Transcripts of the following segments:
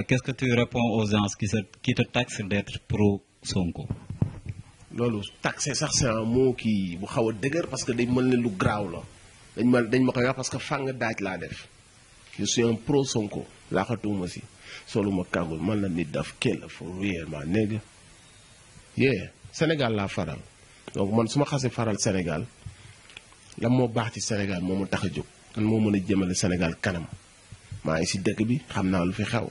Euh, qu'est-ce que tu réponds aux gens qui, se, qui te taxent d'être pro-Sonko loolu taxé ça c'est un mot qui bu xaw parce que des mën ne lu graaw la dañ ma dañ ma parce que fàng daaj la def je suis un pro Sonko laaxatuuma si le kàggul man la nit daf for real, man, négg Yeah, Sénégal la faral donc man su ma xasee faral Sénégal La mo baax Sénégal moo ma tax a jóg lan moo mën Sénégal kanam Ma, ngi si dëkk bi fi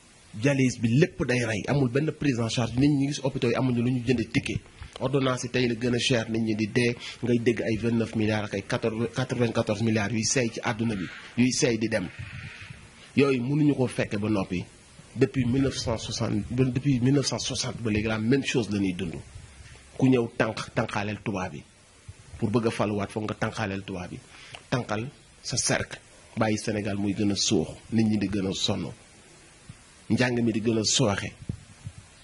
dialyse bi lepp day ray amul benn prise en charge nit ñi gis hôpital yi amuñu luñu ñu ticket ordonnance tay tey la gën cher nit ñi di dé ngay dégg ay 29 milliards ak ay 94 milliards yuy sey ci aduna bi yuy sey di dem yooyu mënuñu ko fekke ba nopi depuis 1960 depuis 1960 ba léegi la même chose la ñuy dund ku ñew tank tankalel tuba bi pour bëgg a wat fo nga tankalel tuba bi tankal sa cercle bàyyi Sénégal muy gëna a nit ñi di gëna sonno njàng mi di gën a sooxe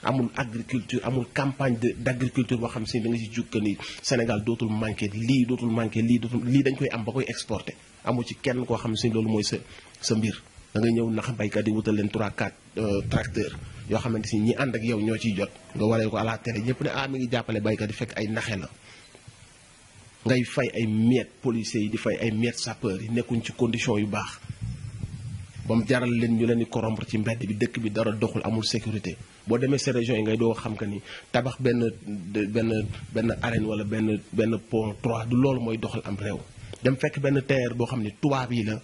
amul agriculture amul campagne de d' agriculture boo xam si da nga si jukka ni Sénégal dootul manqué lii dootul manqué lii dootul lii dañ koy am ba koy exporté amul ci kenn koo xam si loolu mooy sa sa mbir da nga ñëw nax baykat yi wutal leen 3 4 tracteur yoo xamante si ñi ànd ak yow ñoo ciy jot nga waree ko à la ñëpp ne ah mi ngi jàppale baykat yi fekk ay naxe na ngay fay ay miet policiers yi di fay ay miet sapeurs yi nekkuñ ci condition yu baax bam jaral len ñu leni corrompre ci mbedd bi dëkk bi dara doxul amul sécurité bo démé ces régions yi ngay do xam que ni tabax ben ben ben arène wala ben ben pont 3 du lool moy doxal am réew. dem fekk ben terre bo xamni ni bi la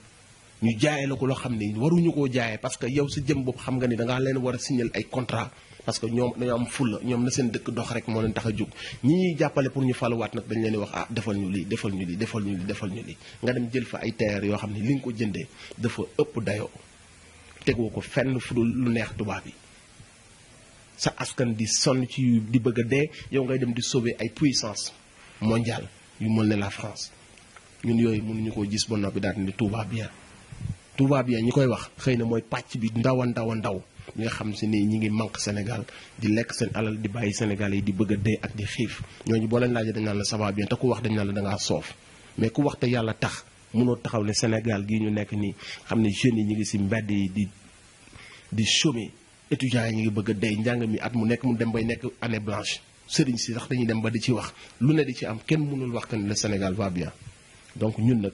ñu jaayee lako lo xamni waru ni waruñu koo parce que yow sa jëm bopp xam nga ni da nga leen wara a signal ay contrat parce que ñoom dañoo am fulla ñoom na seen dëkk dox rek moo leen tax a jóg ñi jàppale pour ñu faluwaat nag dañ leen wax ah defal ñu lii defal ñu lii defal ñu lii nga dem jël fa ay terre yoo xam ne li nga ko jënde dafa ëpp dayoo tegoo ko fenn fu dul lu neex tubaab yi sa askan di sonn ci di bëgg a dee yow ngay dem di sauver ay puissance mondiale yu mel ne la France ñun yooyu mënuñu koo gis ba noppi daal ni Touba bien tubaab ya ñi koy wax xeyna na patch bi ndaw ndaw ndaw ñi nga xam ci ni ñi ngi mank senegal di lek sen alal di baye senegal yi di bëgg a ak di ñoo ñu bo leen laajee dañ naan la ça va bien te ku wax dañ naan la da nga sof mais ku wax te yalla tax mëno taxaw ne senegal gi ñu nekk ni xam ne ñi ngi ci mbedd yi di di chômer étudiant yi ñi ngi bëgg a jang mi at mu nekk mu dem bay nekk année blanche serigne si sax dañuy dem ba di ci wax lu ne di ci am kenn mënul wax kan le senegal va bien donc ñun nak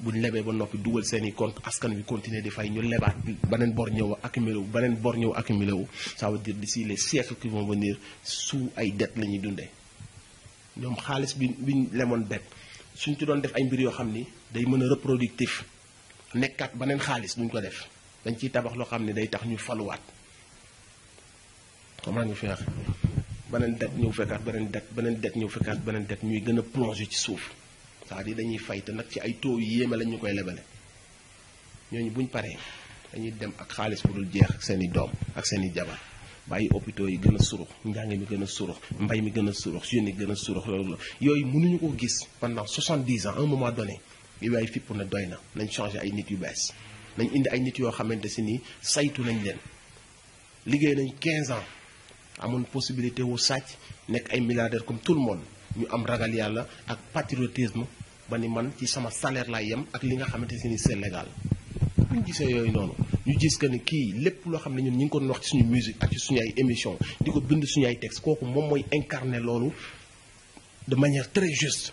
bu ñu ba noppi dugal seeni compte askan wi continuer di fay ñu lebaat banen bor ñëw accumulé wu beneen bor ñëw accumulé wu ça veut dire d'ici les siècles qui vont venir sous ay dette lañuy dundé ñom xaaliss bi bi ñu dette suñ ci doon def ay mbir yo xamni day mëna reproductif nekkaat banen xaaliss duñ ko def dañ ci tabax lo xamni day tax ñu faluwaat comment ñu fi banen beneen dette ñëw fekkaat banen dette banen dette ñëw fekkaat banen dette ñuy gëna plonger ci suuf cest à dañuy fay te nag ci ay taux yu yéeme lañ ñu koy lebale ñooñu buñ paree dañuy dem ak xaalis bu dul jeex ak seen i doom ak seeni i jabar bàyyi hôpitaux yi gën a surux njàng mi gën a surux mbay mi gën a surux jeunes yi gën a surux loolu la yooyu mënuñu ko gis pendant 70 ans à un moment donné yu waay fipp na doy na nañ changé ay nit yu bees nañ indi ay nit yoo xamante si ni saytu nañ leen liggéey nañ 15 ans amoon possibilité wu sàcc nekk ay milliardaire comme tout le monde ñu am ragal yalla ak patriotisme bani man ci sama salaire la yem ak li nga xamante ni c'est légal bu ñu gisee yooyu noonu ñu gis que ni ki lepp lo xamné ñun ñu ngi ko wax ci suñu musique ak ci suñu ay émission diko bind suñu ay texte kooku mom moy incarner lolu de manière très juste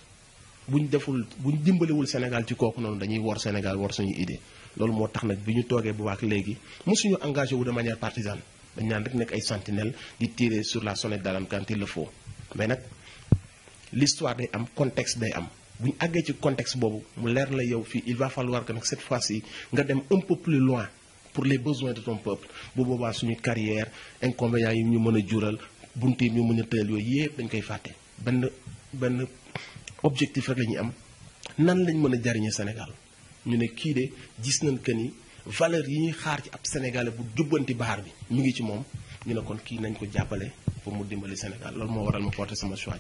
buñ deful buñ dimbalewul Sénégal ci kooku nonu dañuy wor Sénégal wor suñu idée lolu mo tax nak biñu ñu bu baax légui mosuñu engager wu de manière partisane dañ naan rek nek ay sentinelle di tirer sur la sonnette d'alarme quand il le faut mais nak l'histoire day am contexte day am buñ àggee ci contexte boobu mu leer la yow fii il va falloir que nag cette fois-ci nga dem un peu plus loin pour les besoins de ton peuple bu boobaa suñu carrière inconvénients yi ñu mën a jural bunt yi ñu mën a tëjal yooyu yëpp dañ koy fàtte benn benn objectif rek la ñuy am nan lañ mën a jariñe Sénégal ñu ne kii de gis nañ que ni valeur yi ñuy xaar ci ab Sénégalais bu jubbanti baar bi mu ngi ci moom ñu ne kon kii nañ ko jàppale pour mu dimbali Sénégal loolu moo waral mu porté sama choix